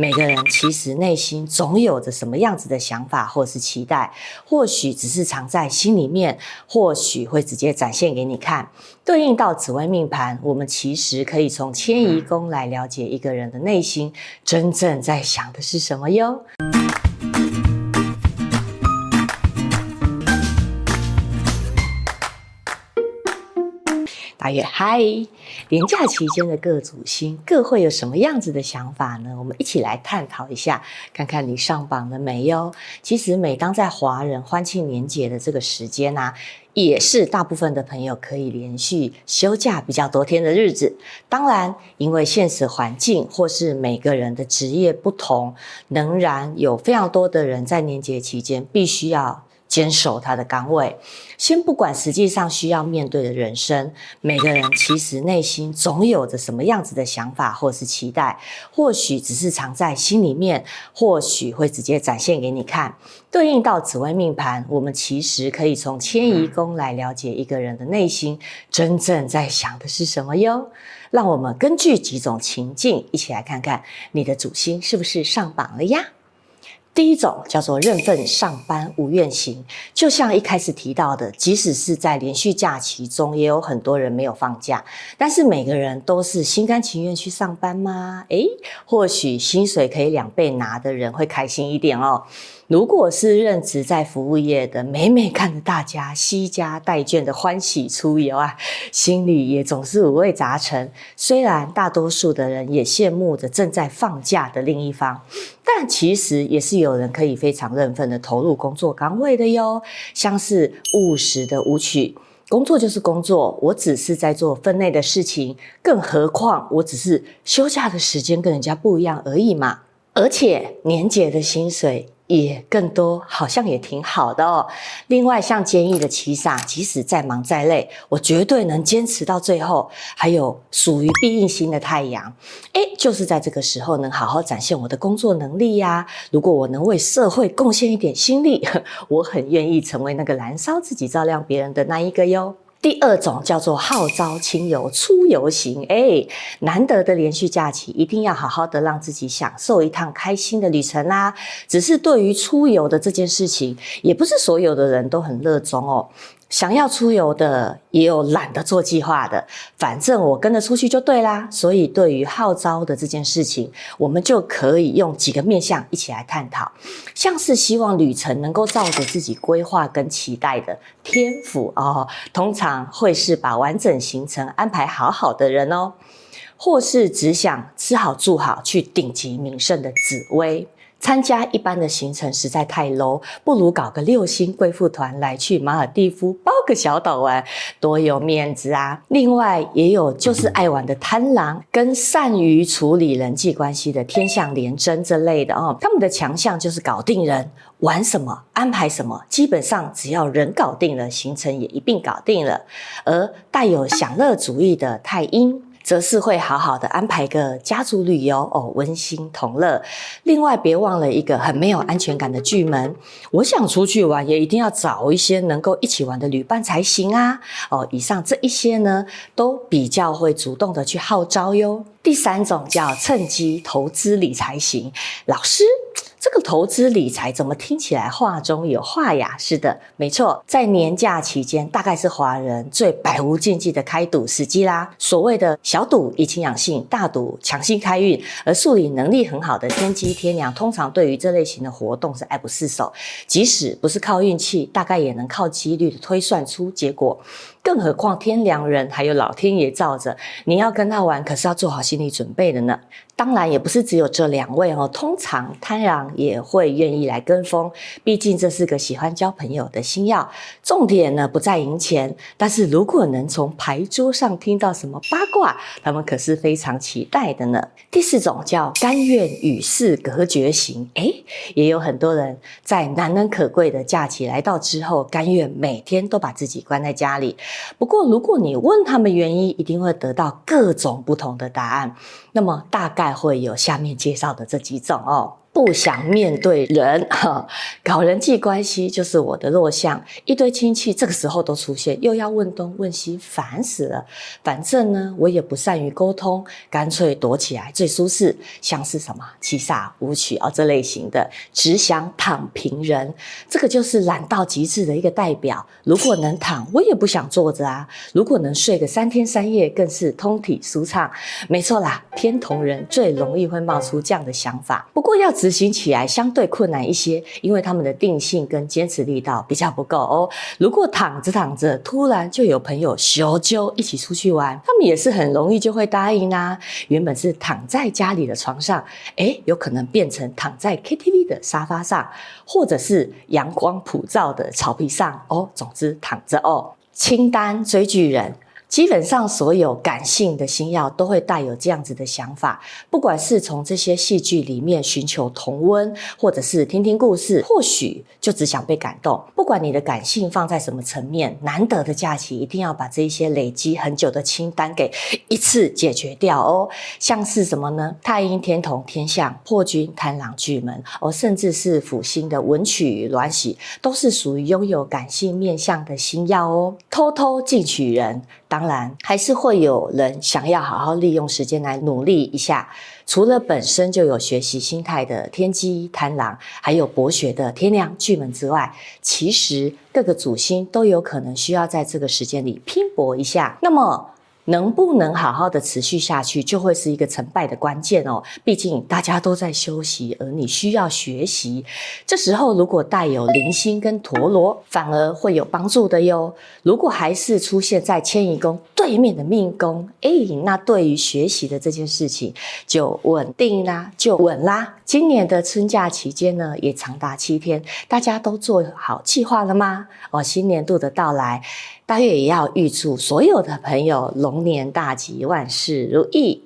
每個人其實內心總有着什麼樣子的想法或是期待，或許只是藏在心裡面，或許會直接展現給你看。對應到紫微命盤，我們其實可以從遷移宮來了解一個人的內心、嗯、真正在想的是什麼喲。大家嗨，年假期間的各組星各會有什麼樣子的想法呢？我們一起來探討一下，看看你上榜了沒有。其實，每當在華人歡慶年節的這個時間吶、啊，也是大部分的朋友可以連續休假比較多天的日子。當然，因為現實環境或是每個人的職業不同，仍然有非常多的人在年節期間必須要堅守他的崗位，先不管實際上需要面對的人生，每個人其實內心總有着什麼樣子的想法或是期待，或許只是藏在心裡面，或許會直接展現給你看。對應到紫微命盤，我們其實可以從遷移宮來了解一個人的內心，嗯、真正在想的是什麼喲。讓我們根據幾種情境，一起來看看你的主星是不是上榜了呀？第一種叫做認份上班無怨行，就像一開始提到的，即使是在連續假期中，也有很多人沒有放假。但是每個人都是心甘情願去上班嗎？誒，或許薪水可以兩倍拿的人會開心一點哦。如果是任職在服務業的，每每看着大家惜家帶眷的歡喜出遊啊，心裡也總是五味雜陳。雖然大多數的人也羨慕着正在放假的另一方，但其實也是。有人可以非常認分的投入工作崗位的喲，像是務實的武曲，工作就是工作，我只是在做分內的事情，更何況我只是休假的時間跟人家不一樣而已嘛，而且年節的薪水。也更多，好像也挺好的哦。另外，像堅毅的七殺，即使再忙再累，我絕對能堅持到最後。還有屬於庇蔭星的太陽，誒、欸、就是在這個時候能好好展現我的工作能力呀、啊。如果我能為社會貢獻一點心力，我很願意成為那個燃燒自己、照亮別人的那一個喲。第二種叫做號召親友出遊型。哎、欸，難得的連續假期，一定要好好的讓自己享受一趟開心的旅程啦、啊。只是對於出遊的這件事情，也不是所有的人都很熱衷哦。想要出遊的，也有懶得做計劃的，反正我跟着出去就對啦。所以，對於號召的這件事情，我們就可以用幾個面向一起來探討，像是希望旅程能夠照着自己規劃跟期待的天府哦，通常會是把完整行程安排好好的人哦，或是只想吃好住好去頂級名勝的紫微。參加一般的行程實在太 low，不如搞個六星貴婦團來去馬爾地夫包個小島玩，多有面子啊！另外也有就是愛玩的貪狼跟善於處理人際關係的天相廉貞這類的哦，他們的強項就是搞定人，玩什麼安排什麼，基本上只要人搞定了，行程也一併搞定了。而帶有享樂主義的太陰。則是會好好的安排個家族旅遊哦，溫馨同樂。另外，別忘了一個很沒有安全感的巨門。我想出去玩，也一定要找一些能夠一起玩的旅伴才行啊。哦，以上這一些呢，都比較會主動的去號召喲。第三種叫趁機投資理財型，老師。這個投資理財怎麼聽起來話中有話呀？是的，沒錯，在年假期間，大概是華人最百無禁忌的開賭時機啦。所謂的“小賭怡情養性，大賭強心開運”，而數理能力很好的天機天梁，通常對於這類型的活動是愛不釋手。即使不是靠運氣，大概也能靠幾率的推算出結果。更何況天梁人還有老天爺罩着，你要跟他玩，可是要做好心理準備的呢。當然，也不是只有這兩位哦。通常貪狼也會願意來跟風，畢竟這是個喜歡交朋友的星曜。重點呢，不在贏錢，但是如果能從牌桌上聽到什麼八卦，他們可是非常期待的呢。第四種叫甘願與世隔絕型，誒，也有很多人在難能可貴的假期來到之後，甘願每天都把自己關在家裡。不過，如果你問他們原因，一定會得到各種不同的答案。那麼，大概會有下面介紹的這幾種哦。不想面對人哈，搞人際關係就是我的弱項。一堆親戚這個時候都出現，又要問東問西，煩死了。反正呢，我也不善於溝通，乾脆躲起來最舒適。像是什麼七殺、武曲啊、哦、這類型的，只想躺平人。這個就是懶到極致的一個代表。如果能躺，我也不想坐着啊。如果能睡個三天三夜，更是通體舒暢。沒錯啦，天同人最容易會冒出這樣的想法。不過要執行起來相對困難一些，因為他們的定性跟堅持力道比較不夠哦。如果躺着躺着，突然就有朋友邀約一起出去玩，他們也是很容易就會答應啊。原本是躺在家裡的床上，哎，有可能變成躺在 KTV 的沙發上，或者是陽光普照的草坪上哦。總之躺着哦。清單追劇人。基本上所有感性的星曜都會帶有這樣子的想法，不管是從這些戲劇裡面尋求同溫，或者是聽聽故事，或許就只想被感動。不管你的感性放在什麼層面，難得的假期一定要把這一些累積很久的清單給一次解決掉哦。像是什麼呢？太陰天同天相、破軍貪狼巨門，哦，甚至是輔星的文曲與鸞喜，都是屬於擁有感性面向的星曜。哦。偷偷進取人。當然，還是會有人想要好好利用時間來努力一下。除了本身就有學習心態的天機貪狼，還有博學的天梁巨門之外，其實各個主星都有可能需要在這個時間裡拼搏一下。那麼。能不能好好的持續下去，就會是一個成敗的關鍵哦。畢竟大家都在休息，而你需要學習，這時候如果帶有鈴星跟陀羅，反而會有幫助的喲。如果還是出現在遷移宮。一面的命宮，哎、欸，那對於學習的這件事情就穩定啦，就穩啦。今年的春假期間呢，也長達七天，大家都做好計劃了嗎？哦，新年度的到來，大耕也要預祝所有的朋友龍年大吉，萬事如意。